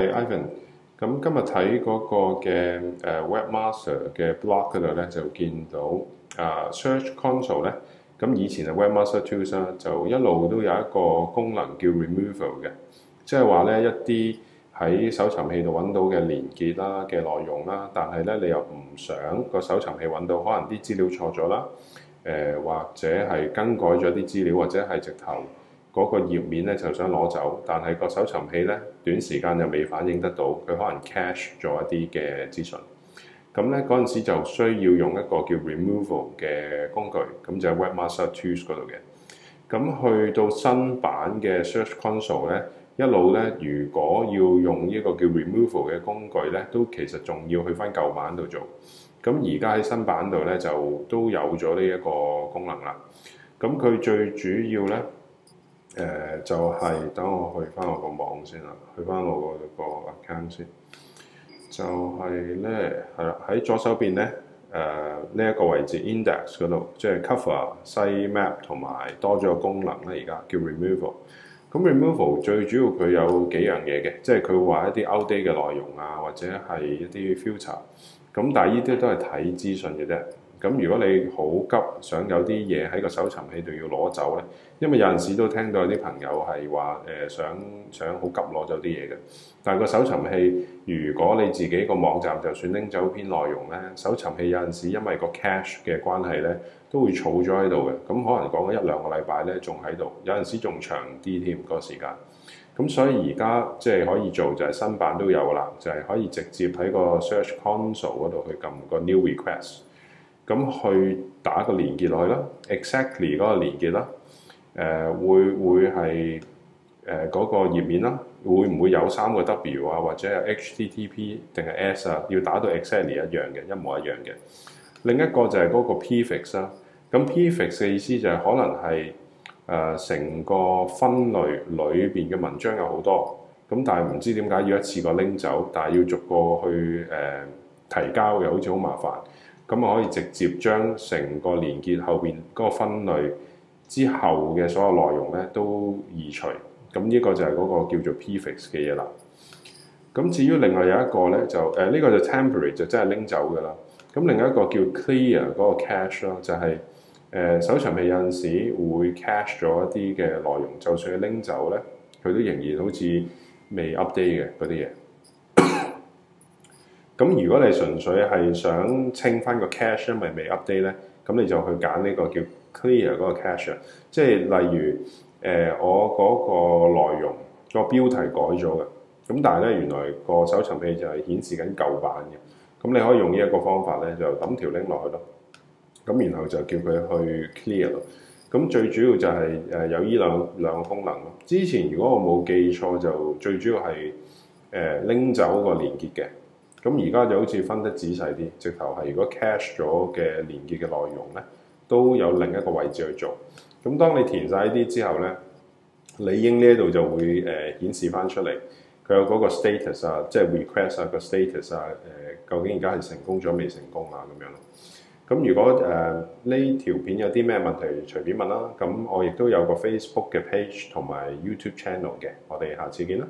係、hey，Ivan。咁今日睇嗰個嘅誒 Webmaster 嘅 blog 嗰度咧，就見到啊 Search Console 咧。咁以前啊 Webmaster Tools 啊，就一路都有一個功能叫 Removal 嘅，即係話咧一啲喺搜尋器度揾到嘅連結啦、嘅內容啦，但係咧你又唔想個搜尋器揾到，可能啲資料錯咗啦，誒、呃、或者係更改咗啲資料，或者係直頭。嗰個頁面咧就想攞走，但係個搜尋器咧短時間又未反應得到，佢可能 cache 咗一啲嘅資訊。咁咧嗰陣時就需要用一個叫 removal 嘅工具，咁就喺 Webmaster Tools 嗰度嘅。咁去到新版嘅 Search Console 咧，一路咧如果要用呢個叫 removal 嘅工具咧，都其實仲要去翻舊版度做。咁而家喺新版度咧就都有咗呢一個功能啦。咁佢最主要咧～誒、呃、就係、是、等我去翻我個網先啦，去翻我個 account 先。就係、是、咧，係啦，喺左手邊咧，誒呢一個位置 index 嗰度，即係 cover site map 同埋多咗個功能咧，而家叫 removal。咁 removal 最主要佢有幾樣嘢嘅，即係佢會話一啲 outdate 嘅內容啊，或者係一啲 filter。咁但係呢啲都係睇資訊嘅啫。咁如果你好急，想有啲嘢喺個搜尋器度要攞走咧，因為有陣時都聽到有啲朋友係話誒，想想好急攞走啲嘢嘅。但係個搜尋器，如果你自己個網站就算拎走篇內容咧，搜尋器有陣時因為個 cache 嘅關係咧，都會儲咗喺度嘅。咁可能講咗一兩個禮拜咧，仲喺度，有陣時仲長啲添個時間。咁所以而家即係可以做就係新版都有㗎啦，就係、是、可以直接喺個 search console 嗰度去撳個 new request。咁去打個連結落去啦，exactly 嗰個連結啦，誒、呃、會會係誒嗰個頁面啦，會唔會有三個 W 啊，或者係 HTTP 定係 S 啊，要打到 exactly 一樣嘅，一模一樣嘅。另一個就係嗰個 prefix 啦，咁 prefix 嘅意思就係可能係誒成個分類裏邊嘅文章有好多，咁但係唔知點解要一次過拎走，但係要逐個去誒、呃、提交又好似好麻煩。咁我可以直接將成個連結後邊嗰個分類之後嘅所有內容咧都移除。咁呢個就係嗰個叫做 prefix 嘅嘢啦。咁至於另外有一個咧，就誒呢、呃這個就 temporary 就真係拎走㗎啦。咁另外一個叫 clear 嗰個 cache 咯、就是，就係誒搜尋器有陣時會 cache 咗一啲嘅內容，就算佢拎走咧，佢都仍然好似未 update 嘅嗰啲嘢。咁如果你純粹係想清翻個 cache，因為未 update 咧，咁你就去揀呢個叫 clear 嗰個 cache。即係例如誒，我嗰個內容個標題改咗嘅，咁但係咧原來個搜尋器就係顯示緊舊版嘅。咁你可以用呢一個方法咧，就抌條 link 落去咯。咁然後就叫佢去 clear 咯。咁最主要就係誒有呢兩兩個功能咯。之前如果我冇記錯，就最主要係誒拎走個連結嘅。咁而家就好似分得仔細啲，直頭係如果 cache 咗嘅連結嘅內容咧，都有另一個位置去做。咁當你填曬啲之後咧，理應呢度就會誒、呃、顯示翻出嚟，佢有嗰個 status 啊，即係 request 啊個 status 啊，誒、那個啊呃、究竟而家係成功咗未成功啊咁樣咯。咁如果誒呢、呃、條片有啲咩問題，隨便問啦。咁我亦都有個 Facebook 嘅 page 同埋 YouTube channel 嘅，我哋下次見啦。